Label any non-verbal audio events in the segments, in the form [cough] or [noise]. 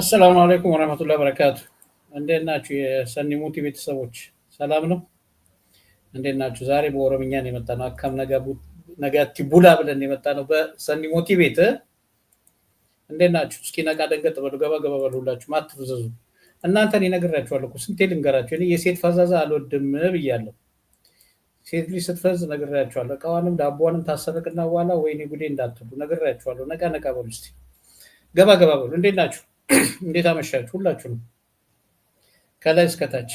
አሰላሙ አለይኩም ወረህመቱላሂ በረካቱ። እንዴት ናችሁ የሰኒ ሙቲ ቤተሰቦች? ሰላም ነው? እንዴት ናችሁ? ዛሬ በኦሮምኛ ነው የመጣ ነው። አካም ነጋቲ ቡላ ብለን የመጣ ነው በሰኒ ሙቲ ቤት። እንዴት ናችሁ? እስኪ ነቃ ደንገጥ በሉ፣ ገባ ገባ በሉ። ሁላችሁም አትፍዘዙ። እናንተን እነግራችኋለሁ እኮ ስንቴ ልንገራችሁ። እኔ የሴት ፈዛዛ አልወድም ብያለሁ። ሴት ልጅ ስትፈዝ ነግራችኋለሁ። እቃዋንም ዳቦዋንም ታሰረቅና በኋላ ወይኔ ጉዴ እንዳትሉ ነግራችኋለሁ። ነቃ ነቃ በሉ፣ እስኪ ገባ ገባ በሉ። እንዴት ናችሁ? [clears throat] እንዴት አመሻችሁ ሁላችሁንም ከላይ እስከታች።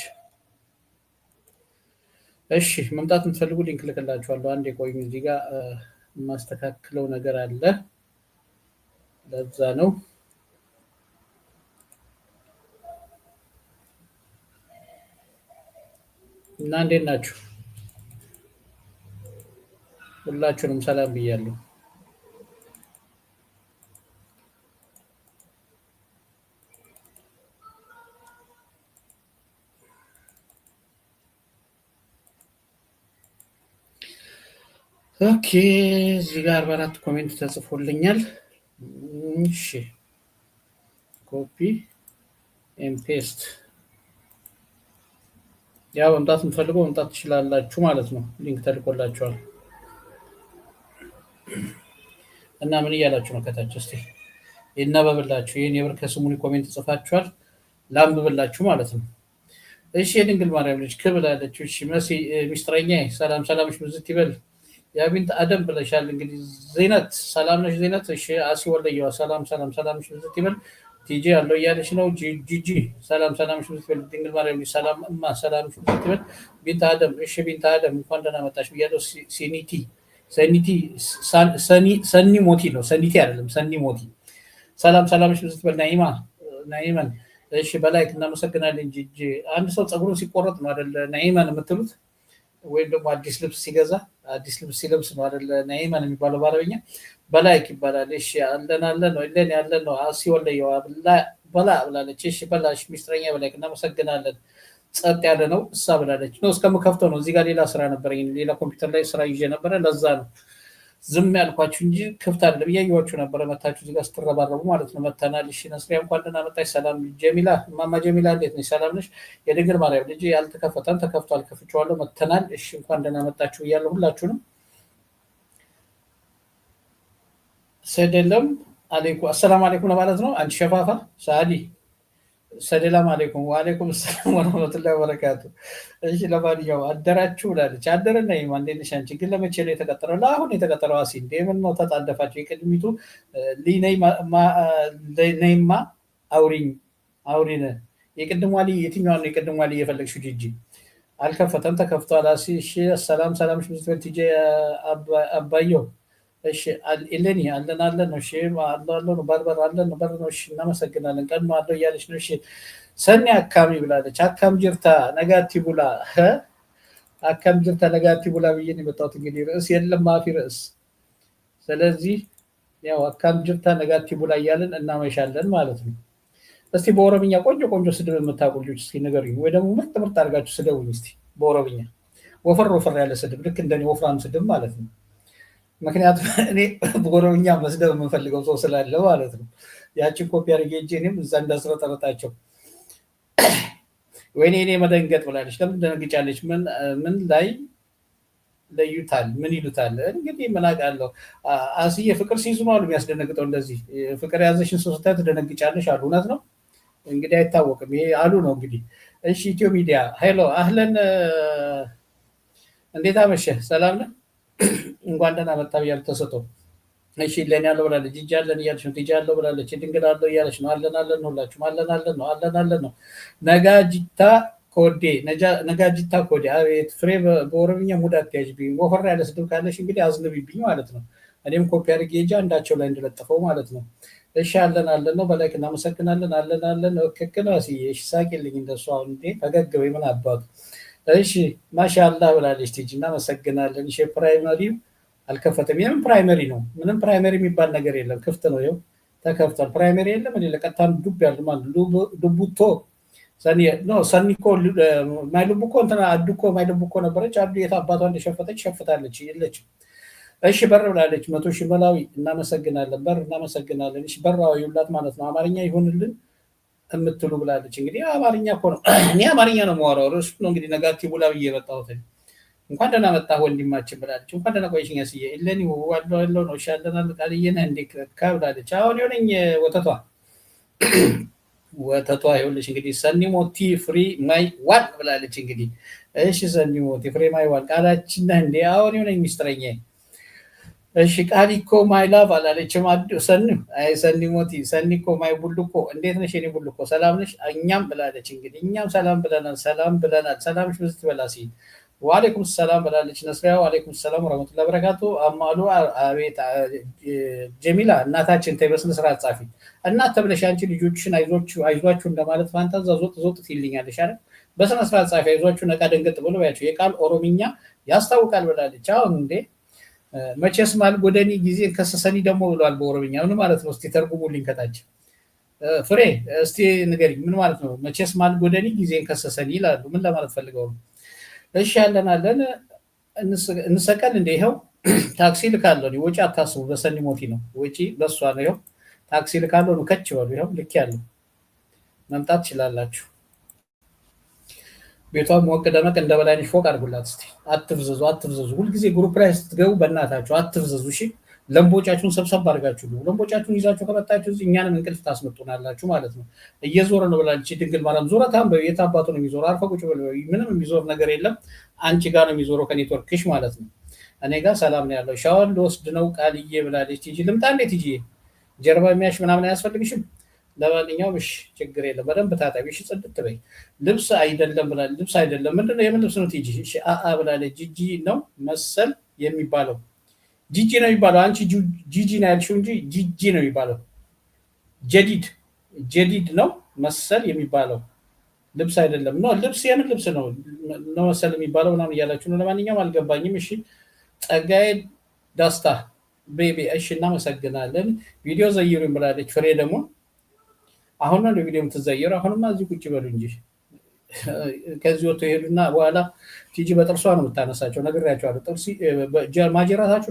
እሺ መምጣት የምትፈልጉ ሊንክ ልክላችኋለሁ። አንድ የቆዩ እዚህ ጋ የማስተካክለው ነገር አለ። ለዛ ነው እና እንዴት ናችሁ? ሁላችሁንም ሰላም ብያለሁ። ኦኬ እዚህ ጋር አርባ አራት ኮሜንት ተጽፎልኛል። እሺ ኮፒ ኤምፔስት ፔስት መምጣት የምትፈልገው መምጣት ትችላላችሁ ማለት ነው። ሊንክ ተልኮላችኋል እና ምን እያላችሁ ነው ከታች እስቲ ይነበብላችሁ። ይህን የብር ከስሙኒ ኮሜንት ጽፋችኋል ላንብብላችሁ ማለት ነው። እሺ የድንግል ማርያም ልጅ ክብላለች። እሺ መሲ ሚስጥረኛ ሰላም ሰላምሽ ብዝት ይበል የአቢንት አደም ብለሻል። እንግዲህ ዜነት ሰላም ነሽ? ዜነት እሺ፣ አሲ ወለየዋ ሰላም ሰላም ሰላም ሽ ብዝት ይበል። ቲጂ አለው እያለች ነው። ጂጂ ሰላም ሰላም ሽ ብዝት ይበል። ድንግል ማርያም ሰላም እማ ሰላም ሽ ብዝት ይበል። ቢንት አደም እሺ፣ ቢንት አደም እንኳን ደህና መጣሽ ብያለሁ። ሲኒቲ ሰኒቲ ሰኒ ሞቲ ነው፣ ሰኒቲ አይደለም፣ ሰኒ ሞቲ። ሰላም ሰላም ሽ ብዝት ይበል። ናይማ ናይመን እሺ፣ በላይክ እናመሰግናለን። ጂጂ አንድ ሰው ፀጉሩን ሲቆረጥ ነው አደለ ናኢመን የምትሉት? ወይም ደግሞ አዲስ ልብስ ሲገዛ አዲስ ልብስ ሲለብስ ነው አለ ናይማን የሚባለው በአረበኛ በላይክ ይባላል። እሺ አለን አለን ነው ለን ያለን ነው ሲወለ በላ ብላለች። እሺ በላሽ ሚስጥረኛ በላይክ እናመሰግናለን። ጸጥ ያለ ነው እሳ ብላለች። ነው እስከምከፍተው ነው። እዚህ ጋር ሌላ ስራ ነበረኝ፣ ሌላ ኮምፒውተር ላይ ስራ ይዤ ነበረ። ለዛ ነው ዝም ያልኳችሁ እንጂ ክፍት አለ ብዬ ነበረ። መታችሁ እዚህ ስትረባረቡ ማለት ነው። መተናል። እሺ ነስሪያ እንኳን ደህና መጣሽ። ሰላም ጀሚላ፣ እማማ ጀሚላ እንዴት ነሽ? ሰላም ነሽ? የድንግል ማርያም ልጅ ያልተከፈተን ተከፍቷል፣ ከፍቼዋለሁ። መተናል። እሺ እንኳን ደህና መጣችሁ እያለ ሁላችሁንም ሰደለም አሌኩ አሰላም አለይኩም ለማለት ነው። አንድ ሸፋፋ ሳዲ ሰላም አለይኩም ወአለይኩም ሰላም ወረመቱላ ወበረካቱ። እሺ ለማንኛውም አደራችሁ ብላለች። አደረና ይማ እንዴት አንቺ? ግን ለመቼ ነው የተቀጠረው? ለአሁን የተቀጠረው። አሲ እንደ ምን ነው ተጣደፋችሁ? የቅድሚቱ ነይማ አውሪኝ አውሪነ የቅድሟ ላይ የትኛዋ ነው የቅድሟ ላይ እየፈለግሽ ጅጂ አልከፈተም፣ ተከፍቷል። አሲ እሺ፣ ሰላም ሰላም። ሽምዝትበት ቲጄ አባየው እሺ ኢሌኒ አለን አለን ነው። እሺ አለ አለ ነው። በርበር አለን ነው። በር ነው። እሺ እናመሰግናለን። ቀኑ አለው እያለች ነው። እሺ ሰኒ አካሚ ብላለች። አካም ጅርታ ነጋቲ ቡላ አካም ጅርታ ነጋቲ ቡላ ብዬ የመጣሁት። እንግዲህ ርዕስ የለም ማፊ ርዕስ። ስለዚህ ያው አካም ጅርታ ነጋቲ ቡላ እያለን እናመሻለን ማለት ነው። እስቲ በኦሮምኛ ቆንጆ ቆንጆ ስድብ የምታውቁ ልጆች እስኪ ንገሩኝ፣ ወይ ደግሞ ምርጥ ምርጥ አድርጋችሁ ስደቡኝ እስቲ በኦሮምኛ ወፈር ወፈር ያለ ስድብ ልክ እንደኔ ወፍራም ስድብ ማለት ነው። ምክንያቱም [laughs] እኔ በኦሮምኛ መስደብ የምንፈልገው ሰው ስላለ ማለት ነው። ያችን ኮፒ አድርጌ እኔም እዛ እንዳስረጠረጣቸው [clears throat] ወይኔ እኔ መደንገጥ ብላለች። ለምን ደነግጫለች? ምን ላይ ለዩታል? ምን ይሉታል? እንግዲህ ምን አውቃለሁ። አስዬ ፍቅር ሲይዙ ነው አሉ የሚያስደነግጠው። እንደዚህ ፍቅር የያዘሽን ሰው ስታይ ትደነግጫለሽ አሉ። እውነት ነው እንግዲህ አይታወቅም። ይሄ አሉ ነው እንግዲህ። እሺ ኢትዮ ሚዲያ ሄሎ፣ አህለን እንዴት አመሸህ? ሰላም ነህ? [clears throat] እንኳን ደህና መጣ ብያለሁ። ተሰጠው እሺ ለኔ ያለው ብላለች፣ እጅ አለን እያለች ነው። እጅ አለው ብላለች፣ ድንግል አለው እያለች ነው። አለን አለን ነው፣ ሁላችሁም አለን አለን ነው፣ አለን አለን ነው። ነጋጅታ ኮዴ ነጋጅታ ኮዴ። አቤት ፍሬ፣ በኦሮምኛ ሙድ አትያዥብኝ። ወፈር ያለ ስድብ ካለሽ እንግዲህ አዝንብብኝ ማለት ነው። እኔም ኮፒ አድርጌ ጃ አንዳቸው ላይ እንደለጠፈው ማለት ነው። እሺ አለን አለን ነው። በላይክ እናመሰግናለን። አለን አለን ነው። ክክል ዋስዬ እሺ፣ ሳቂልኝ እንደሱ። አሁን እንዴ ፈገግ በይ ምን አባቱ። እሺ ማሻላ ብላለች ትጅ። እናመሰግናለን። እሺ ፕራይመሪው አልከፈተም። ይህም ፕራይመሪ ነው። ምንም ፕራይመሪ የሚባል ነገር የለም። ክፍት ነው። ይኸው ተከፍቷል። ፕራይመሪ የለም። እኔ ለቀጥታም ዱብ ያልማ ዱቡቶ ሰኒ እኮ ማይሉቡ እኮ እንትና አዱ እኮ ማይሉቡ እኮ ነበረች። አዱ የት አባቷ እንደሸፈተች ሸፍታለች። የለችም። እሺ በር ብላለች። መቶ ሺህ መላዊ እናመሰግናለን። በር እናመሰግናለን። እሺ በራዊ ይውላት ማለት ነው። አማርኛ ይሁንልን የምትሉ ብላለች። እንግዲህ አማርኛ እኮ ነው። [clears throat] እኔ አማርኛ ነው የማወራው። እሱ ነው እንግዲህ ነጋቲቭ ውላ ብዬ የመጣሁት እንኳን ደህና መጣህ ወንድማችን ብላለች። እንኳን ደህና ቆይሽ ያስዬ እለኒ ዋለው ያለው ነው ሻለናል ቃልየነ እንዲክረካ ብላለች። አሁን የሆነኝ ወተቷ ወተቷ ይኸውልሽ እንግዲህ ሰኒሞቲ ፍሪ ማይ ዋን ብላለች። እንግዲህ እሺ ሰኒሞቲ ቲ ፍሪ ማይ ዋን ቃላችን ነህ እንዴ? አሁን የሆነኝ ሚስጥረኛ እሺ ቃሊ እኮ ማይ ላቭ አላለችም። ሰኒ አይ ሰኒ ሞቲ ሰኒ እኮ ማይ ቡልኮ እንዴት ነሽ የኔ ቡልኮ ሰላም ነሽ? እኛም ብላለች እንግዲህ እኛም ሰላም ብለናል፣ ሰላም ብለናል። ሰላምሽ ብዙ ትበላ ሲል ዋሌይኩም ሰላም ብላለች ነስሪያ። ዋሌይኩም ሰላም ረመቱላ በረካቱ። አማሉ አቤት ጀሚላ እናታችን ተይበስን ስራ ጻፊ እናት ተብለሽ አንቺ ልጆችን አይዟችሁ እንደማለት ፋንታ እዛ ዞጥ ዞጥ ትይልኛለሽ አለ በስነ ስርዓት ጻፊ አይዟችሁ ነቃ ደንገጥ ብሎ ያቸው የቃል ኦሮምኛ ያስታውቃል ብላለች። አሁን እንዴ መቼስ ማል ጎደኒ ጊዜ ከሰሰኒ ደግሞ ብሏል በኦሮምኛ ምን ማለት ነው? እስቲ ተርጉሙልኝ ከታች ፍሬ እስቲ ንገሪኝ ምን ማለት ነው? መቼስ ማል ጎደኒ ጊዜ ከሰሰኒ ይላሉ። ምን ለማለት ፈልገው ነው? እሺ ያለን አለን እንሰቀል እንደ ይኸው ታክሲ ልካለሁ። ወጪ አታስቡ፣ በሰኒ ሞቲ ነው ወጪ በእሷ ነው። ይኸው ታክሲ ልካለሁ፣ ከች በሉ። ይኸው ልክ ያለው መምጣት ትችላላችሁ። ቤቷ ሞቅ ደመቅ እንደ በላይነሽ ፎቅ አድርጉላት እስኪ። አትፍዘዙ፣ አትፍዘዙ። ሁልጊዜ ግሩፕ ላይ ስትገቡ በእናታችሁ አትፍዘዙ። እሺ ለምቦቻችሁን ሰብሰብ አድርጋችሁ ነው። ለምቦቻችሁን ይዛችሁ ከመጣችሁ እኛንም እንቅልፍ ታስመጡናላችሁ ማለት ነው። እየዞረ ነው ብላለች ድንግል ማርያም። ዞረ ታም የት አባቱ ነው የሚዞረ? አርፈ ቁጭ ብሎ ምንም የሚዞር ነገር የለም። አንቺ ጋር ነው የሚዞረው ከኔትወርክሽ ማለት ነው። እኔ ጋር ሰላም ነው ያለው። ሻወር ልወስድ ነው ቃልዬ ብላለች። ቲጂ ልምጣ እንዴ? ቲጂ ጀርባ የሚያሽ ምናምን አያስፈልግሽም። ለማንኛውም እሺ፣ ችግር የለም። በደንብ ታጠቢ፣ እሺ፣ ጽድት በይ። ልብስ አይደለም ብላለች። ልብስ አይደለም ምንድነው? የምን ልብስ ነው ቲጂ? እሺ፣ አአ ብላለች። ጂጂ ነው መሰል የሚባለው ጂጂ ነው የሚባለው። አንቺ ጂጂ ነው ያልሽው እንጂ ጂጂ ነው የሚባለው። ጀዲድ ጀዲድ ነው መሰል የሚባለው ልብስ አይደለም። ኖ ልብስ የምን ልብስ ነው ነው መሰል የሚባለው ምናምን እያላችሁ ነው። ለማንኛውም አልገባኝም። እሺ ጸጋዬ ዳስታ ቤቢ፣ እሺ እናመሰግናለን። ቪዲዮ ዘይሩ ይምላለች። ፍሬ ደግሞ አሁን ነው ቪዲዮ የምትዘየሩ። አሁንማ እዚህ ቁጭ በሉ እንጂ [laughs] ከዚህ ወጥቶ ይሄዱና በኋላ ቲጂ በጥርሷ ነው የምታነሳቸው። ነግሬያቸዋለሁ። ጥርሲ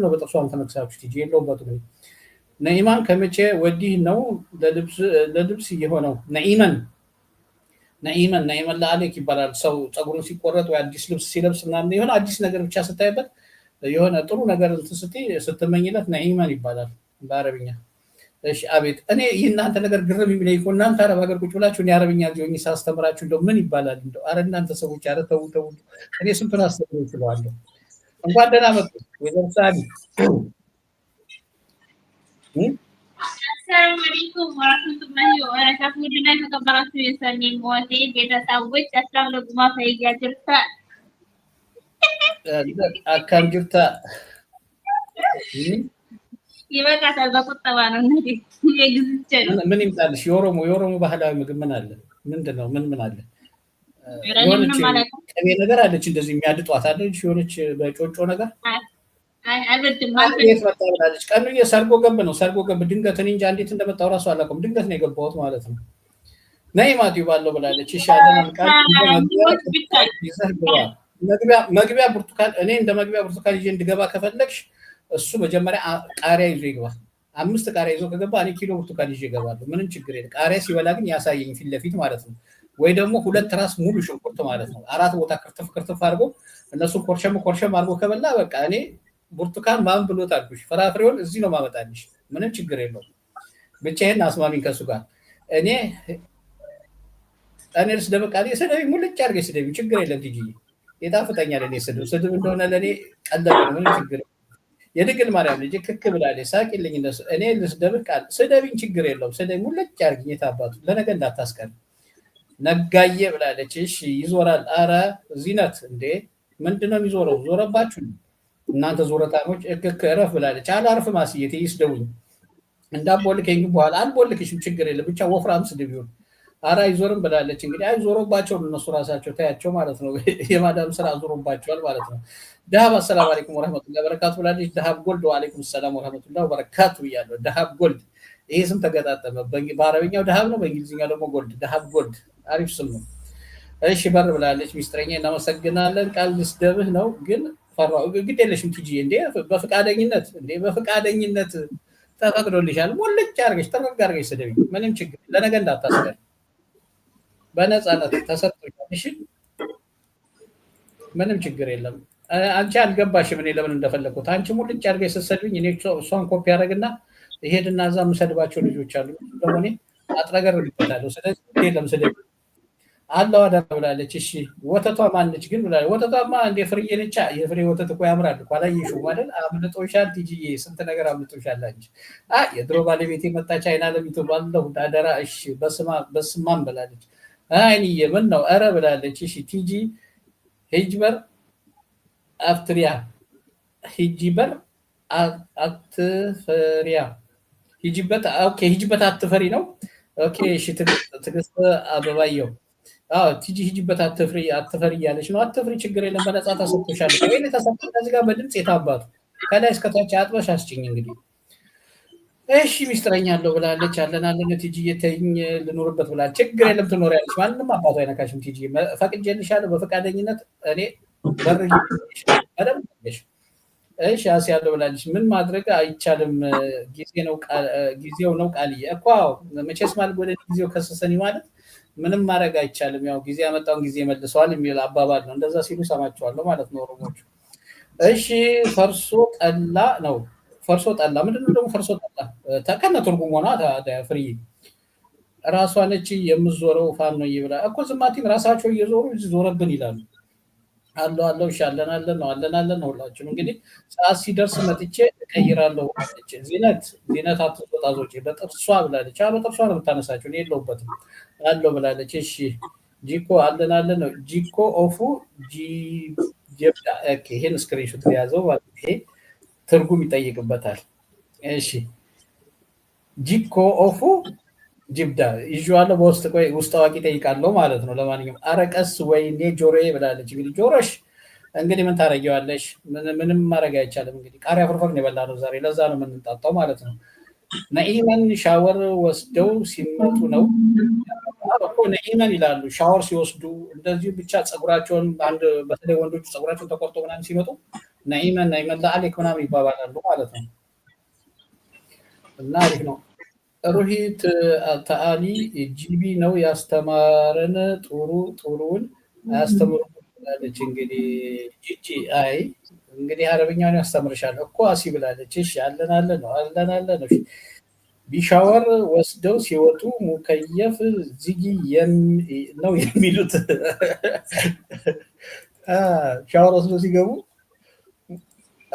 ነው በጥርሷ የምትነክሳችሁ። ቲጂ የለውበት ነው። ነኢማን ከመቼ ወዲህ ነው ለልብስ የሆነው? ነኢመን ነኢመን ነኢመን ለአሌክ ይባላል። ሰው ፀጉሩን ሲቆረጥ ወይ አዲስ ልብስ ሲለብስ ምናምን የሆነ አዲስ ነገር ብቻ ስታይበት የሆነ ጥሩ ነገር ስትመኝለት ነኢመን ይባላል በአረብኛ። እሺ አቤት። እኔ የእናንተ ነገር ግርም የሚለኝ እኮ እናንተ አረብ ሀገር ቁጭ ብላችሁ የአረብኛ አረብኛ ልጆኝ ሳስተምራችሁ እንደው ምን ይባላል እንደው። አረ እናንተ ሰዎች አረ ተው ተው። እኔ ስንቱን አስተምሮ ይችለዋለሁ። እንኳን ደህና መጡ ወይዘሮ ሳቢ። አሰላሙ አለይኩም ወራህመቱላሂ ወበረካቱ። ውድና የተከበራችሁ የሰሚ ሞቴ ቤተሰቦች አስላም ለጉማ ፈይያ ጅርታ አካም ጅርታ ይበቃታል። በቁጠባ ነው እንግዲህ የግዝቼ ምን ይምጣልሽ? የኦሮሞ የኦሮሞ ባህላዊ ምግብ ምን አለ? ምንድን ነው? ምን ምን አለ? ቅቤ ነገር አለች፣ እንደዚህ የሚያድጧት አለ የሆነች በጮጮ ነገር ብላለች። ቀኑዬ ገብ ነው፣ ሰርጎ ገብ ድንገት። እኔ እንጃ እንዴት እንደመጣሁ እራሱ አላውቅም። ድንገት ነው የገባሁት ማለት ነው። ነይ ማቲው ባለው ብላለች። ይሻለናል መግቢያ ብርቱካን፣ እኔ እንደ መግቢያ ብርቱካን ይዤ እንድገባ ከፈለግሽ እሱ መጀመሪያ ቃሪያ ይዞ ይግባ። አምስት ቃሪያ ይዞ ከገባ እኔ ኪሎ ብርቱካን ይዤ እገባለሁ። ምንም ችግር የለም። ቃሪያ ሲበላ ግን ያሳየኝ ፊት ለፊት ማለት ነው። ወይ ደግሞ ሁለት ራስ ሙሉ ሽንኩርት ማለት ነው። አራት ቦታ ክርትፍ ክርትፍ አድርጎ እነሱን ኮርሸም ኮርሸም አድርጎ ከበላ በቃ እኔ ብርቱካን ማን ብሎት አልኩሽ፣ ፍራፍሬውን እዚህ ነው ማመጣልሽ። ምንም ችግር የለውም። ብቻዬን አስማሚኝ ከሱ ጋር እኔ ጠኔል ስደብ ስደቢ፣ ሙልጭ አድርገሽ ስደቢ፣ ችግር የለም። ትጅ የጣፍጠኛል። እኔ ስድብ ስድብ እንደሆነ ለእኔ ቀለ ምንም ችግር የድግል ማርያም ልጅ ክክ ብላለች። ሳቂልኝ እነሱ እኔ ልስደብህ ቃል ስደብኝ፣ ችግር የለውም ስደብኝ፣ ሁለጭ አድርግኝ። አባቱ ለነገ እንዳታስቀር። ነጋየ ብላለች። እሺ ይዞራል። አረ ዚነት እንዴ ምንድነው ነው የሚዞረው? ዞረባችሁ እናንተ ዞረታሞች። እክክ እረፍ ብላለች። አላርፍ ማስየት ይስደውኝ እንዳቦልከኝ በኋላ አልቦልክሽም፣ ችግር የለም ብቻ ወፍራም ስድብ ይሁን አረ አይዞርም ብላለች። እንግዲህ አይዞሮባቸውም እነሱ ራሳቸው ታያቸው ማለት ነው። [laughs] የማዳም ስራ ዞሮባቸዋል ማለት ነው። ደሀብ አሰላም አለይኩም ወረመቱላ በረካቱ ብላለች። ደሀብ ጎልድ ዋለይኩም ሰላም ወረመቱላ በረካቱ እያለው ደሀብ ጎልድ፣ ይሄ ስም ተገጣጠመ። በአረብኛው ደሀብ ነው፣ በእንግሊዝኛ ደግሞ ጎልድ። ደሀብ ጎልድ አሪፍ ስም ነው። እሺ በር ብላለች። ሚስጥረኛ እናመሰግናለን። ቃል ልስደብህ ነው ግን ፈራሁ። ግድ የለሽም ቲጂ እንዴ በፍቃደኝነት እንዴ በፍቃደኝነት ተፈቅዶልሻል። ሞልጭ አርገሽ ተረግ አርገሽ ስደብኝ ምንም ችግር ለነገ እንዳታስገር በነፃነት ተሰጥቶኛል። እሺ ምንም ችግር የለም። አንቺ አልገባሽም እኔ ለምን እንደፈለግኩት። አንቺ ሙልጭ አድርገሽ ስትሰድብኝ እኔ እሷን ኮፒ ያደረግና ይሄድና እዛ የምሰድባቸው ልጆች አሉ ደግሞ እኔ አጥረገር ልበታለሁ። ስለዚህ የለም ስለ አለው አዳ ብላለች። እሺ ወተቷ ማነች ግን ብላለች። ወተቷማ እንደ ፍርዬ ነቻ። የፍሬ ወተት እኮ ያምራል እኮ አላየሽውም አይደል? አምልጦሻል ቲጂዬ፣ ስንት ነገር አምልጦሻል አንቺ። የድሮ ባለቤቴ መጣች ለሚቱ ባለው አደራ። እሺ በስማም ብላለች። አይን የምን ነው አረ ብላለች። እሺ ቲጂ ሂጅበር አፍትሪያ ሂጅበር አትፈሪያ ሂጅበት ኦኬ፣ ሂጅበት አትፈሪ ነው። ኦኬ እሺ፣ ትግስት አበባየው ቲጂ ሂጅበት አትፍሪ አትፈሪ እያለች ነው። አትፍሪ፣ ችግር የለም በነፃ ተሰጥቶሻል። ወይ ተሰጥቶ ከዚህ ጋር በድምፅ የታባቱ ከላይ እስከታች አጥበሽ አስጭኝ እንግዲህ እሺ ሚስጥረኛለሁ ብላለች። አለን አለን ቲጂ ተይኝ ልኖርበት ብላ ችግር የለም ትኖሪያለች። ማንም አባቱ አይነካሽም። ቲጂዬ ፈቅጄልሻለሁ በፈቃደኝነት እኔ በረሽ እሺ አስ ያለው ብላለች። ምን ማድረግ አይቻልም። ጊዜው ነው ቃልዬ እኮ መቼስ ማለት ወደ ጊዜው ከሰሰኒ ማለት ምንም ማድረግ አይቻልም። ያው ጊዜ ያመጣውን ጊዜ መልሰዋል የሚል አባባል ነው። እንደዛ ሲሉ ሰማቸዋለሁ ማለት ነው ኦሮሞቹ። እሺ ፈርሶ ጠላ ነው ፈርሶ ጠላ። ምንድነው ደግሞ ፈርሶ ጠላ? ከነ ትርጉም ሆና ፍሪ ራሷ ነች የምዞረው ነው ይብላ እኮ ዝማቲም ራሳቸው እየዞሩ ዞረብን ይላሉ። አለው አለው እሺ፣ አለን አለን ነው አለን አለን ነው። ሁላችሁም እንግዲህ ሰዓት ሲደርስ መጥቼ እቀይራለሁ ብላለች። ዚነት ዚነት አትወጣዞች በጥርሷ ብላለች። በጥርሷ ነው የምታነሳቸው፣ የለውበትም አለው ብላለች። እሺ ጂኮ አለን አለን ነው ጂኮ ኦፉ ይሄን ስክሪንሾት የያዘው ይሄ ትርጉም ይጠይቅበታል። እሺ ጂኮ ኦፉ ጅብዳ ይዋለ በውስጥ ቆይ ውስጥ አዋቂ ጠይቃለሁ ማለት ነው። ለማንኛውም አረቀስ ወይኔ ጆሮዬ ብላለች። እንግዲህ ጆሮሽ እንግዲህ ምን ታረጊዋለሽ? ምንም ማድረግ አይቻልም። እንግዲህ ቃሪያ ፍርፍር ነው የበላነው ዛሬ፣ ለዛ ነው የምንጣጣው ማለት ነው። ነኢመን ሻወር ወስደው ሲመጡ ነው ነኢመን ይላሉ። ሻወር ሲወስዱ እንደዚሁ ብቻ ፀጉራቸውን አንድ በተለይ ወንዶቹ ፀጉራቸውን ተቆርጦ ምናምን ሲመጡ ነዒመን ነዒመን ለአሌክ ምናምን ይባባላሉ ማለት ነው። እና አሪፍ ነው። ሩሂት ተአሊ ጂቢ ነው ያስተማረን። ጥሩ ጥሩውን አያስተምሩ ብላለች። እንግዲህ ጂጂ አይ እንግዲህ አረብኛውን ያስተምርሻል እኮ አሲ ብላለች። እሺ አለን አለ ነው አለን አለ ነው። ቢሻወር ወስደው ሲወጡ ሙከየፍ ዚጊ ነው የሚሉት ሻወር ወስደው ሲገቡ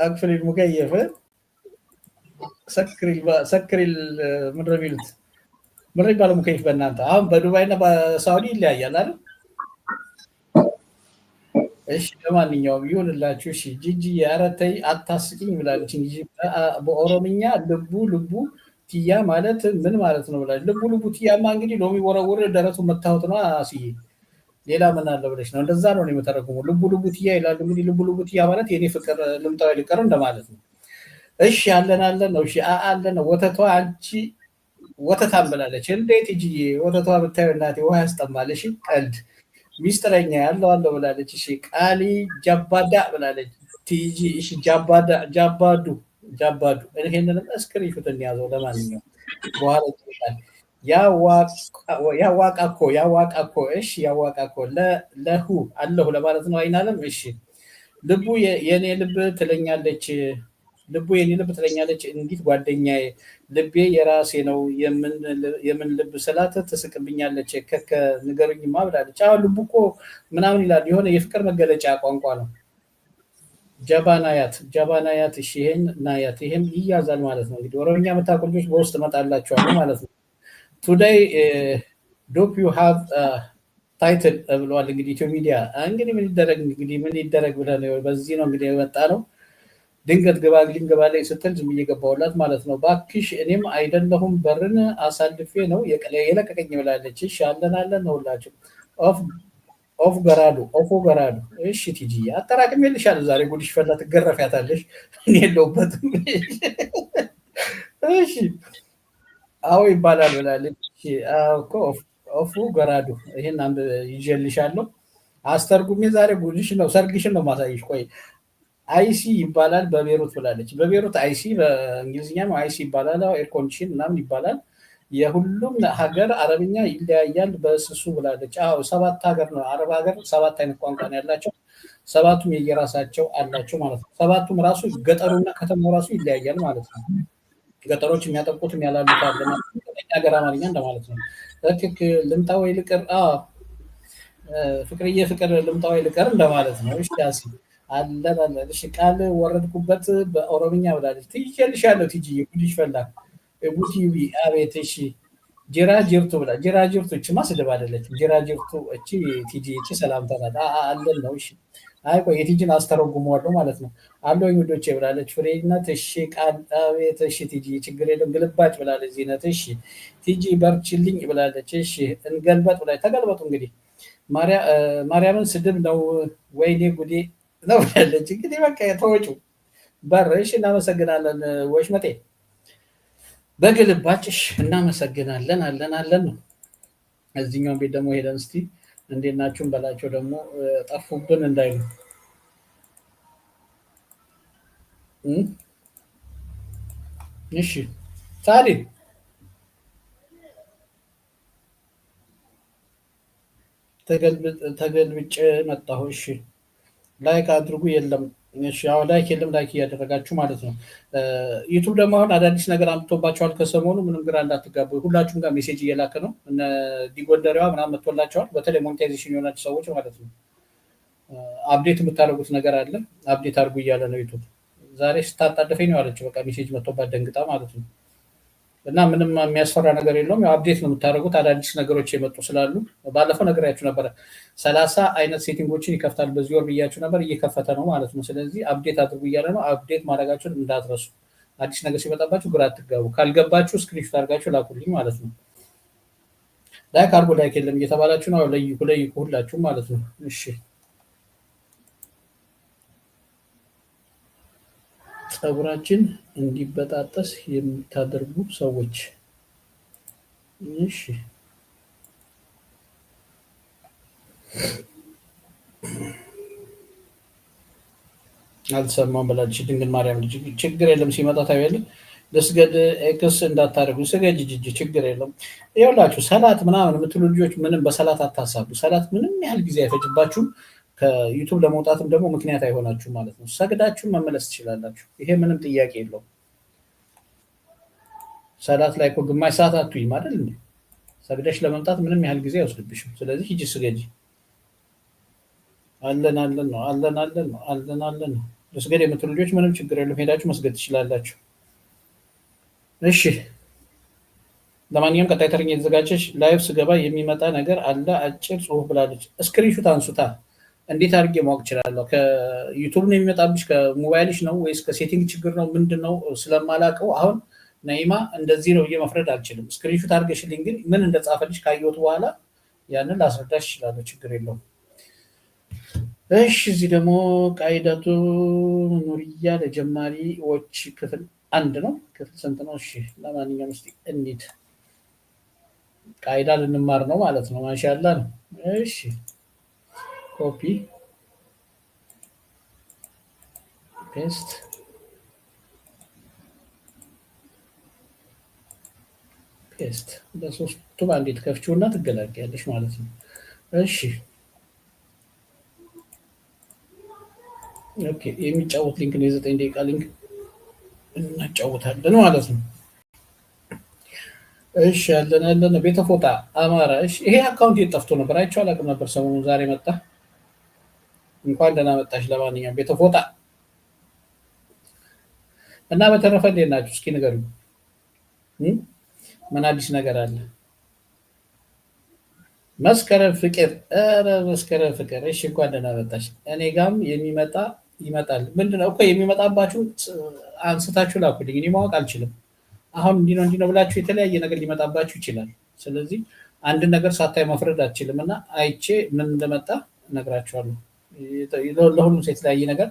اقفل المكيف سكري سكري ምንድን ነው የሚሉት ሙከይፍ በእናንተ አሁን በዱባይና እና በሳውዲ ይለያያል አይደል እሺ ለማንኛውም ይሁንላችሁ እሺ ጂጂ ኧረ አታስቂኝ ብላለች እንጂ በኦሮምኛ ልቡ ልቡ ትያ ማለት ምን ማለት ነው ብላለች ልቡ ልቡ ትያማ እንግዲህ ሎሚ ወረውር ደረቱ መታወት ነው አስዬ ሌላ ምን አለ ብለሽ ነው? እንደዛ ነው የሚተረጉሙ። ልቡ ልቡትያ ይላሉ። እንግዲህ ልቡ ልቡትያ ማለት የኔ ፍቅር ልምጣዊ ልቀር እንደማለት ነው። እሺ አለን አለን ነው። እሺ አለን ወተቷ አንቺ ወተታም ብላለች። እንዴት እጅዬ ወተቷ ብታዩ እናቴ ውሃ ያስጠማል። እሺ ቀልድ ሚስጥረኛ ያለው አለው ብላለች። እሺ ቃሊ ጃባዳ ብላለች። ቲጂ እሺ ጃባዳ ጃባዱ ጃባዱ። ይሄንንም እስክሪንሹት እንያዘው ለማንኛውም በኋላ ይችላል። ያዋቃኮ ያዋቃኮ እሺ፣ ያዋቃኮ ለሁ አለሁ ለማለት ነው። አይናለም እሺ፣ ልቡ የኔ ልብ ትለኛለች፣ ልቡ የኔ ልብ ትለኛለች። እንዲት ጓደኛዬ ልቤ የራሴ ነው የምን ልብ ስላት ትስቅብኛለች። ከከ ንገሩኝማ ብላለች። አሁ ልቡ ኮ ምናምን ይላል። የሆነ የፍቅር መገለጫ ቋንቋ ነው። ጀባናያት ጀባናያት፣ እሺ፣ ይሄን ናያት፣ ይሄም ይያዛል ማለት ነው። እንግዲህ ኦሮምኛ የምታውቁ ልጆች በውስጥ እመጣላችኋለሁ ማለት ነው። ቱዳይ ዶፕ ዩ ሃቭ ታይትል ብለዋል። እንግዲህ ኢትዮ ሚዲያ እንግዲህ ምን ይደረግ እንግዲህ ምን ይደረግ ብለህ በዚህ ነው እንግዲህ የመጣ ነው። ድንገት ግባ ልንገባ ላይ ስትል ዝም እየገባውላት ማለት ነው። ባክሽ እኔም አይደለሁም በርን አሳልፌ ነው የለቀቀኝ ብላለች። እሺ አለን አለን ነው ሁላችሁ ኦፍ ገራዱ ኦፎ ገራዱ። እሺ ቲጂ አጠራቅሜልሻለሁ። ዛሬ ጉድሽ ፈላ ትገረፊያታለሽ። እኔ የለሁበትም። እሺ አዎ ይባላል ብላለች እኮ እፉ ገራዱ። ይህን አንድ ይዤልሻለሁ። አስተርጉሜ ዛሬ ጉልሽ ነው፣ ሰርግሽን ነው ማሳይሽ። ቆይ አይሲ ይባላል በቤሩት ብላለች። በቤሩት አይሲ በእንግሊዝኛም አይሲ ይባላል። ኤር ኮንዲሽን ምናምን ይባላል። የሁሉም ሀገር አረብኛ ይለያያል በስሱ ብላለች። አዎ ሰባት ሀገር ነው አረብ ሀገር ሰባት አይነት ቋንቋ ነው ያላቸው። ሰባቱም የየራሳቸው አላቸው ማለት ነው። ሰባቱም ራሱ ገጠሩና ከተማው ራሱ ይለያያል ማለት ነው። ገጠሮች የሚያጠቁት የሚያላሉት ሀገር አማርኛ እንደማለት ነው። ትክክል። ልምጣ ወይ ልቅር፣ ፍቅርዬ ፍቅር፣ ልምጣ ወይ ልቅር እንደማለት ነው። እሺ ያሲ አለባለል እሺ፣ ቃል ወረድኩበት በኦሮምኛ ብላለች። ትይዤልሻለሁ ቲጂ ጉድሽ ፈላ ጉቲቢ አቤት። እሺ ጅራ ጅርቱ ብላ ጅራ ጅርቱ እችማ ስድብ አይደለችም። ጅራ ጅርቱ እቺ ቲጂ እቺ ሰላምታ ናት። አለን ነው እሺ አይ ቆይ የቲጂን አስተረጉመዋለሁ ማለት ነው አለሁኝ ውዶቼ ብላለች ፍሬነት። እሺ ቃል አቤት። እሺ ቲጂ ችግር የለም ግልባጭ ብላለች ዚነት። እሺ ቲጂ በርችልኝ ብላለች። እሺ እንገልበጥ ብላለች። ተገልበጡ እንግዲህ ማርያምን ስድብ ነው ወይኔ ጉዴ ነው ብላለች። እንግዲህ በቃ ተወጩ በርሽ እናመሰግናለን። ወሽ መጤ በግልባጭሽ እናመሰግናለን። አለን አለን ነው። እዚኛውን ቤት ደግሞ ሄደን እስቲ እንዴት ናችሁም በላቸው ደግሞ ጠፉብን እንዳይሉ እሺ ሳዲ ተገልብጬ መጣሁ እሺ ላይክ አድርጉ የለም ያው ላይክ የለም ላይክ እያደረጋችሁ ማለት ነው። ዩቱብ ደግሞ አሁን አዳዲስ ነገር አምጥቶባቸዋል ከሰሞኑ። ምንም ግራ እንዳትጋቡ፣ ሁላችሁም ጋር ሜሴጅ እየላከ ነው። እነ ዲጎንደሪዋ ምናምን መጥቶላቸዋል። በተለይ ሞኔታይዜሽን የሆናችሁ ሰዎች ማለት ነው። አፕዴት የምታደርጉት ነገር አለ፣ አፕዴት አድርጉ እያለ ነው ዩቱብ። ዛሬ ስታጣደፈኝ ነው በቃ ሜሴጅ መጥቶባት ደንግጣ ማለት ነው። እና ምንም የሚያስፈራ ነገር የለውም። አብዴት ነው የምታደርጉት አዳዲስ ነገሮች የመጡ ስላሉ ባለፈው ያችሁ ነበረ። ሰላሳ አይነት ሴቲንጎችን ይከፍታል በዚህ ወር ብያችሁ ነበር። እየከፈተ ነው ማለት ነው። ስለዚህ አብዴት አድርጉ እያለ ነው። አብዴት ማድረጋችሁን እንዳትረሱ። አዲስ ነገር ሲመጣባችሁ ግራ አትጋቡ። ካልገባችሁ ስክሪንሾት አድርጋችሁ ላኩልኝ ማለት ነው። ላይክ አድርጎ ላይክ የለም እየተባላችሁ ነው። ለይኩ ለይኩ ሁላችሁም ማለት ነው። እሺ ፀጉራችን እንዲበጣጠስ የምታደርጉ ሰዎች እሺ አልሰማም ብላለች ድንግል ማርያም ልጅ ችግር የለም ሲመጣ ታያለህ ልስገድ ኤክስ እንዳታደርጉ ስገጅ ጅጅ ችግር የለም ይኸውላችሁ ሰላት ምናምን የምትሉ ልጆች ምንም በሰላት አታሳቡ ሰላት ምንም ያህል ጊዜ አይፈጅባችሁም ከዩቱብ ለመውጣትም ደግሞ ምክንያት አይሆናችሁ ማለት ነው። ሰግዳችሁ መመለስ ትችላላችሁ። ይሄ ምንም ጥያቄ የለውም። ሰላት ላይ እኮ ግማሽ ሰዓት አትይም አይደል እንዴ? ሰግደሽ ለመምጣት ምንም ያህል ጊዜ አይወስድብሽም። ስለዚህ ሂጂ ስገጂ። አለን አለን ነው አለን አለን ነው አለን አለን ነው። ለስገድ የምትሉ ልጆች ምንም ችግር የለም፣ ሄዳችሁ መስገድ ትችላላችሁ። እሺ ለማንኛውም ቀጣይ ተረኛ የተዘጋጀች ላይቭ ስገባ የሚመጣ ነገር አለ አጭር ጽሁፍ ብላለች። እስክሪንሹት አንሱታ እንዴት አድርጌ ማወቅ እችላለሁ? ከዩቱብ ነው የሚመጣብሽ? ከሞባይልሽ ነው ወይስ ከሴቲንግ ችግር ነው? ምንድን ነው ስለማላውቀው አሁን ነይማ እንደዚህ ነው ብዬ መፍረድ አልችልም። ስክሪንሹት አድርገሽልኝ ግን ምን እንደጻፈልሽ ካየሁት በኋላ ያንን ላስረዳሽ እችላለሁ። ችግር የለውም። እሺ፣ እዚህ ደግሞ ቃይዳቱ ኑርያ ለጀማሪዎች ክፍል አንድ ነው። ክፍል ስንት ነው? እሺ፣ ለማንኛውም እስኪ እንሂድ። ቃይዳ ልንማር ነው ማለት ነው። ማሻላ ነው። እሺ ኮፒ paste. ፔስት በሶስቱ ባንዴት እና ትገላገያለች ማለት ነው። እሺ ኦኬ፣ የሚጫወት ሊንክ ነው። የዘጠኝ ደቂቃ ሊንክ እናጫወታለን ማለት ነው። እሺ ያለን ያለን ቤተፎጣ አማራ። እሺ ይሄ አካውንት የጠፍቶ ነበር? አይቼው አላውቅም ነበር። ሰሞኑን ዛሬ መጣ። እንኳን ደህና መጣሽ። ለማንኛውም ፎጣ እና በተረፈ እንዴት ናችሁ? እስኪ ንገሩኝ፣ ምን አዲስ ነገር አለ? መስከረም ፍቅር፣ ኧረ መስከረም ፍቅር። እሺ እንኳን ደህና መጣሽ። እኔ ጋም የሚመጣ ይመጣል። ምንድነው እኮ የሚመጣባችሁ አንስታችሁ ላኩልኝ። እኔ ማወቅ አልችልም። አሁን እንዲነው እንዲነው ብላችሁ የተለያየ ነገር ሊመጣባችሁ ይችላል። ስለዚህ አንድን ነገር ሳታይ መፍረድ አትችልም እና አይቼ ምን እንደመጣ እነግራችኋለሁ። ለሁሉም ሰው የተለያየ ነገር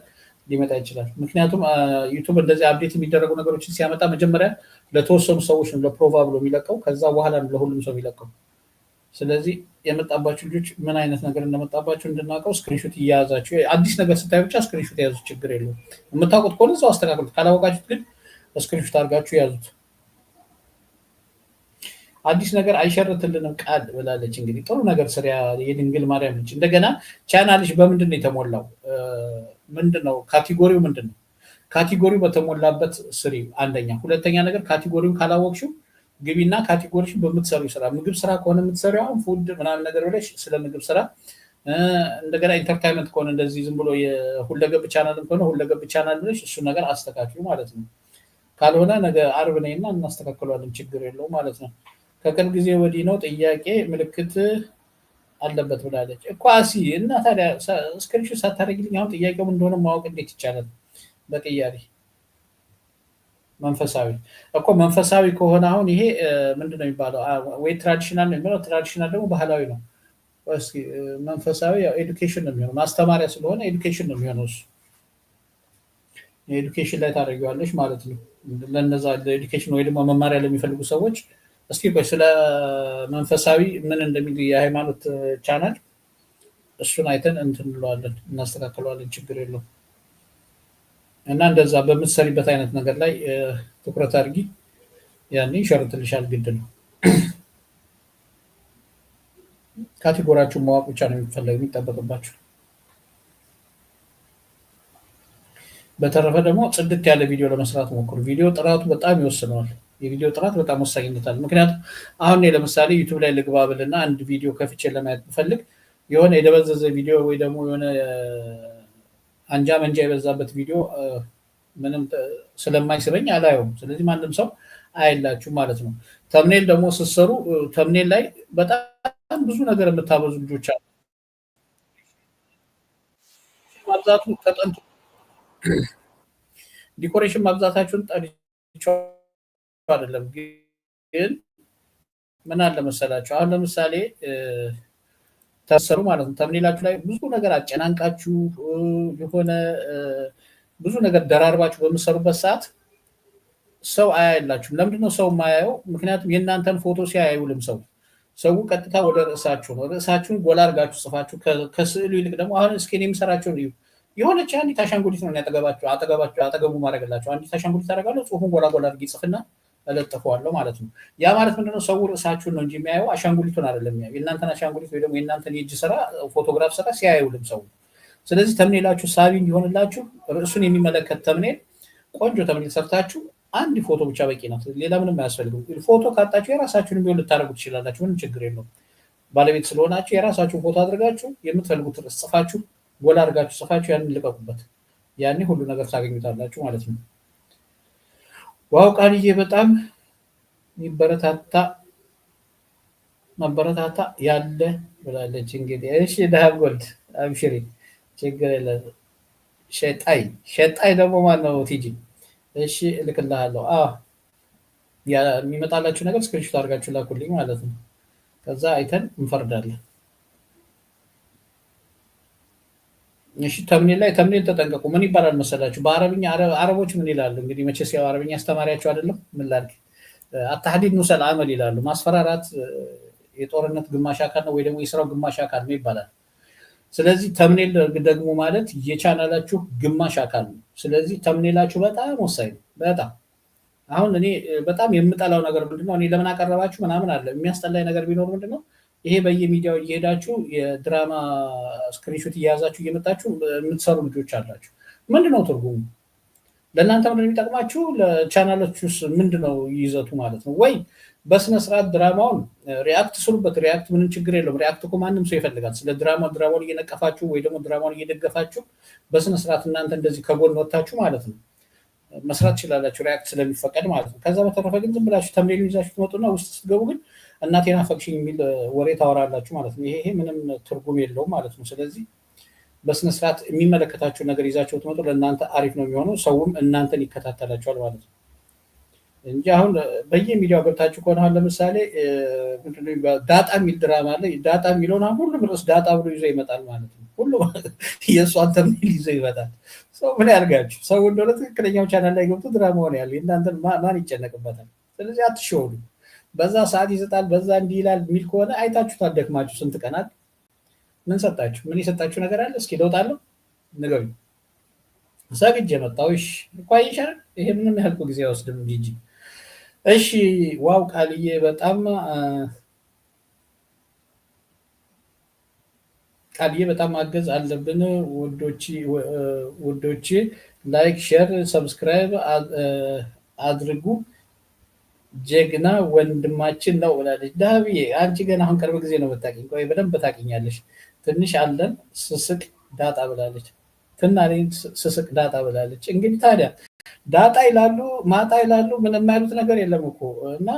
ሊመጣ ይችላል። ምክንያቱም ዩቱብ እንደዚህ አብዴት የሚደረጉ ነገሮችን ሲያመጣ መጀመሪያ ለተወሰኑ ሰዎች ነው ለፕሮቫ ብሎ የሚለቀው፣ ከዛ በኋላ ነው ለሁሉም ሰው የሚለቀው። ስለዚህ የመጣባችሁ ልጆች ምን አይነት ነገር እንደመጣባችሁ እንድናውቀው ስክሪንሾት እያያዛችሁ፣ አዲስ ነገር ስታይ ብቻ ስክሪንሾት የያዙት ችግር የለውም። የምታውቁት ከሆነ ሰው አስተካክሉት፣ ካላወቃችሁት ግን ስክሪንሾት አድርጋችሁ ያዙት። አዲስ ነገር አይሸርትልንም ቃል ብላለች። እንግዲህ ጥሩ ነገር ስሪያ የድንግል ማርያም ልጅ። እንደገና ቻናልሽ በምንድን ነው የተሞላው? ምንድን ነው ካቴጎሪው? ምንድን ነው ካቴጎሪው? በተሞላበት ስሪ አንደኛ። ሁለተኛ ነገር ካቴጎሪውን ካላወቅሽው ግቢና ካቴጎሪሽን በምትሰሩ ስራ፣ ምግብ ስራ ከሆነ የምትሰሩ አሁን ፉድ ምናምን ነገር ብለሽ ስለ ምግብ ስራ እንደገና ኢንተርታይመንት ከሆነ እንደዚህ ዝም ብሎ የሁለገብ ቻናልም ከሆነ ሁለገብ ቻናል ብለሽ እሱ ነገር አስተካክሉ ማለት ነው። ካልሆነ ነገ አርብ ነይና እናስተካክሏለን፣ ችግር የለው ማለት ነው። ከቅርብ ጊዜ ወዲህ ነው ጥያቄ ምልክት አለበት ብላለች እኮ እና ታዲያ እስክሪንሾት ሳታደርግልኝ አሁን ጥያቄው እንደሆነ ማወቅ እንዴት ይቻላል? በቅያሬ መንፈሳዊ እኮ መንፈሳዊ ከሆነ አሁን ይሄ ምንድን ነው የሚባለው? ወይ ትራዲሽናል ነው የሚለው። ትራዲሽናል ደግሞ ባህላዊ ነው። መንፈሳዊ ኤዱኬሽን ነው የሚሆነው፣ ማስተማሪያ ስለሆነ ኤዱኬሽን ነው የሚሆነው። እሱ ኤዱኬሽን ላይ ታደርጊዋለች ማለት ነው። ለነዛ ኤዱኬሽን ወይ ደግሞ መማሪያ ለሚፈልጉ ሰዎች እስኪ ቆይ ስለ መንፈሳዊ ምን እንደሚል የሃይማኖት ቻናል እሱን አይተን እንትን እንለዋለን እናስተካክለዋለን። ችግር የለው እና እንደዛ በምትሰሪበት አይነት ነገር ላይ ትኩረት አድርጊ። ያኔ ይሸርትልሻል። ግድ ነው። ካቴጎሪያችሁ ማወቅ ብቻ ነው የሚፈለግ የሚጠበቅባችሁ። በተረፈ ደግሞ ጽድት ያለ ቪዲዮ ለመስራት ሞክሩ። ቪዲዮ ጥራቱ በጣም ይወስነዋል። የቪዲዮ ጥራት በጣም ወሳኝነት አለ። ምክንያቱም አሁን ለምሳሌ ዩቱብ ላይ ልግባብል ብልና አንድ ቪዲዮ ከፍቼ ለማየት ብፈልግ የሆነ የደበዘዘ ቪዲዮ ወይ ደግሞ የሆነ አንጃ መንጃ የበዛበት ቪዲዮ ምንም ስለማይስበኝ አላየውም። ስለዚህ ማንም ሰው አይላችሁ ማለት ነው። ተምኔል ደግሞ ስሰሩ ተምኔል ላይ በጣም ብዙ ነገር የምታበዙ ልጆች አሉ። ማብዛቱ ተጠንቶ ዲኮሬሽን ማብዛታችሁን ጠልቼዋለሁ። አይደለም ግን ምን አለ መሰላችሁ፣ አሁን ለምሳሌ ተሰሩ ማለት ነው። ተምኔላችሁ ላይ ብዙ ነገር አጨናንቃችሁ የሆነ ብዙ ነገር ደራርባችሁ በምሰሩበት ሰዓት ሰው አያየላችሁም። ለምንድነው ሰው የማያየው? ምክንያቱም የእናንተን ፎቶ ሲያያዩልም ሰው ሰው ቀጥታ ወደ ርዕሳችሁ ነው። ርዕሳችሁን ጎላ አድርጋችሁ ጽፋችሁ ከስዕሉ ይልቅ ደግሞ አሁን እስኪ እኔ ነው የሆነች አንዲት አሻንጉሊት ነው ያጠገባቸው አጠገቡ ማድረግላቸው አንዲት አሻንጉሊት ታደርጋለሁ ጽሁፉን ጎላ ጎላ አድርጌ ጽፍና እለጥፈዋለሁ ማለት ነው። ያ ማለት ምንድነው? ሰው ርዕሳችሁን ነው እንጂ የሚያየው አሻንጉሊቱን አይደለም የሚያየው። የእናንተን አሻንጉሊት ወይ ደግሞ የእናንተን የእጅ ስራ ፎቶግራፍ ስራ ሲያየውልም ሰው። ስለዚህ ተምኔላችሁ ሳቢ እንዲሆንላችሁ ርዕሱን የሚመለከት ተምኔል፣ ቆንጆ ተምኔል ሰርታችሁ አንድ ፎቶ ብቻ በቂ ናት። ሌላ ምንም አያስፈልግም። ፎቶ ካጣችሁ የራሳችሁን ቢሆን ልታደርጉ ትችላላችሁ። ምንም ችግር የለውም። ባለቤት ስለሆናችሁ የራሳችሁን ፎቶ አድርጋችሁ የምትፈልጉት ርዕስ ጽፋችሁ፣ ጎላ አድርጋችሁ ጽፋችሁ ያንን ልቀቁበት። ያኔ ሁሉ ነገር ታገኙታላችሁ ማለት ነው። ዋው ቃልዬ በጣም ይበረታታ ማበረታታ ያለ ብላለች። እንግዲህ እሺ ጎልድ አብሽሪ፣ ችግር የለም። ሸጣይ ሸጣይ ደግሞ ነው ቲጂ እሺ እልክልሃለሁ። አዎ የሚመጣላችሁ ነገር ስክሪንሾት አድርጋችሁ ላኩልኝ ማለት ነው። ከዛ አይተን እንፈርዳለን። እሺ ተምኔል ላይ ተምኔል ተጠንቀቁ። ምን ይባላል መሰላችሁ? በአረብኛ አረቦች ምን ይላሉ? እንግዲህ መቼስ ያው አረብኛ አስተማሪያቸው አይደለም። ምን ላድርግ፣ አታህዲድ ኑሰል አመል ይላሉ። ማስፈራራት የጦርነት ግማሽ አካል ነው ወይ ደግሞ የስራው ግማሽ አካል ነው ይባላል። ስለዚህ ተምኔል ደግሞ ማለት የቻናላችሁ ግማሽ አካል ነው። ስለዚህ ተምኔላችሁ በጣም ወሳኝ ነው። በጣም አሁን እኔ በጣም የምጠላው ነገር ምንድነው፣ እኔ ለምን አቀረባችሁ ምናምን አለ። የሚያስጠላኝ ነገር ቢኖር ምንድነው ይሄ በየሚዲያው እየሄዳችሁ የድራማ ስክሪንሾት እየያዛችሁ እየመጣችሁ የምትሰሩ ልጆች አላችሁ። ምንድን ነው ትርጉሙ? ለእናንተ ምንድን የሚጠቅማችሁ? ለቻናሎች ውስጥ ምንድን ነው ይዘቱ ማለት ነው? ወይ በስነስርዓት ድራማውን ሪያክት ስሩበት። ሪያክት ምንም ችግር የለውም። ሪያክት እኮ ማንም ሰው ይፈልጋል። ስለ ድራማ ድራማውን እየነቀፋችሁ ወይ ደግሞ ድራማውን እየደገፋችሁ በስነስርዓት እናንተ እንደዚህ ከጎን ወታችሁ ማለት ነው መስራት ትችላላችሁ፣ ሪያክት ስለሚፈቀድ ማለት ነው። ከዛ በተረፈ ግን ዝም ብላችሁ ተምሌል ይዛችሁ ትመጡና ውስጥ ስትገቡ ግን እናቴና አፈቅሽኝ የሚል ወሬ ታወራላችሁ ማለት ነው። ይሄ ምንም ትርጉም የለውም ማለት ነው። ስለዚህ በስነስርዓት የሚመለከታችሁ ነገር ይዛችሁ ትመጡ ለእናንተ አሪፍ ነው የሚሆነው። ሰውም እናንተን ይከታተላችኋል ማለት ነው። እንጂ አሁን በየሚዲያው ገብታችሁ ከሆነ አሁን ለምሳሌ ዳጣ የሚል ድራማ አለ። ዳጣ የሚለውን አሁን ሁሉም ርዕስ ዳጣ ብሎ ይዞ ይመጣል ማለት ነው። ሁሉም [laughs] የእሱ አንተ ይዞ ይመጣል። ሰው ምን ያርጋችሁ? ሰው እንደሆነ ትክክለኛው ቻናል ላይ ገብቶ ድራማ ሆነ ያለ የእናንተን ማን ይጨነቅበታል? ስለዚህ አትሸወዱ። በዛ ሰዓት ይሰጣል፣ በዛ እንዲህ ይላል የሚል ከሆነ አይታችሁ ታደክማችሁ። ስንት ቀናት ምን ሰጣችሁ? ምን የሰጣችሁ ነገር አለ? እስኪ ለውጣለሁ አለው ንገሩኝ። ሰግጄ መጣሁ። እሺ እኳ ይሻል። ይሄ ምንም ያህል ጊዜ አይወስድም ጂጂ እሺ ዋው ቃልዬ በጣም ቃልዬ በጣም ማገዝ አለብን። ውዶች ላይክ፣ ሼር፣ ሰብስክራይብ አድርጉ። ጀግና ወንድማችን ነው ብላለች። ዳብዬ አንቺ ገና አሁን ቅርብ ጊዜ ነው ብታውቂኝ። ቆይ በደንብ ታውቂኛለሽ። ትንሽ አለን ስስቅ ዳጣ ብላለች። ትናኔ ስስቅ ዳጣ ብላለች። እንግዲህ ታዲያ ዳጣ ይላሉ ማጣ ይላሉ ምን ያሉት ነገር የለም እኮ እና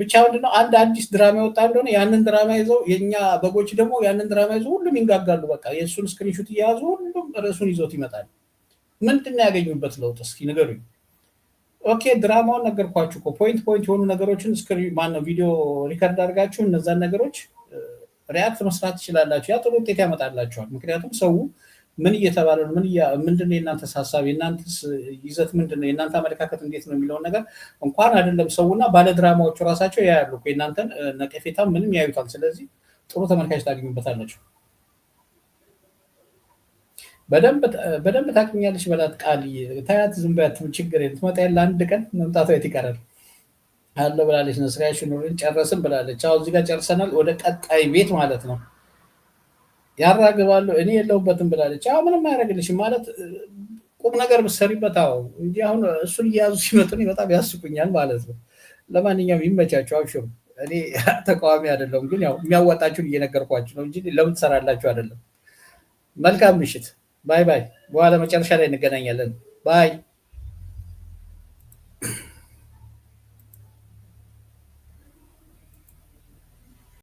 ብቻ ምንድነው ነው አንድ አዲስ ድራማ ይወጣ እንደሆነ ያንን ድራማ ይዘው የእኛ በጎች ደግሞ ያንን ድራማ ይዘው ሁሉም ይንጋጋሉ። በቃ የእሱን ስክሪንሹት እየያዙ ሁሉም ርዕሱን ይዞት ይመጣል። ምንድን ያገኙበት ለውጥ? እስኪ ንገሩኝ። ኦኬ ድራማውን ነገርኳችሁ እኮ ፖይንት ፖይንት የሆኑ ነገሮችን ማነው ቪዲዮ ሪከርድ አድርጋችሁ እነዛን ነገሮች ሪያክት መስራት ትችላላችሁ። ያ ጥሩ ውጤት ያመጣላችኋል። ምክንያቱም ሰው ምን እየተባለ ነው? ምንድን ነው የእናንተስ ሀሳብ? የእናንተስ ይዘት ምንድን ነው? የእናንተ አመለካከት እንዴት ነው የሚለውን ነገር እንኳን አይደለም ሰውና ባለድራማዎቹ ራሳቸው ያያሉ። የእናንተን ነቀፌታ ምንም ያዩታል። ስለዚህ ጥሩ ተመልካች ታገኙበታላችሁ። በደንብ ታቅኛለች በላት ቃል ታያት ዝም ችግር ትመጣ ያለ አንድ ቀን መምጣቷ የት ይቀራል አለ ብላለች። ነስሪያ ሽኑርን ጨረስን ብላለች። አሁን እዚህ ጋር ጨርሰናል። ወደ ቀጣይ ቤት ማለት ነው። ያራግባሉ እኔ የለውበትም ብላለች። አዎ ምንም አያደርግልሽም ማለት ቁም ነገር ብትሰሪበት። አዎ እንጂ አሁን እሱን እየያዙ ሲመጡ በጣም ያስቁኛል ማለት ነው። ለማንኛውም ይመቻቸው። አብሽሩ። እኔ ተቃዋሚ አይደለሁም፣ ግን ያው የሚያዋጣችሁን እየነገርኳችሁ ነው እንጂ ለምን ትሰራላችሁ አይደለም። መልካም ምሽት። ባይ ባይ። በኋላ መጨረሻ ላይ እንገናኛለን። ባይ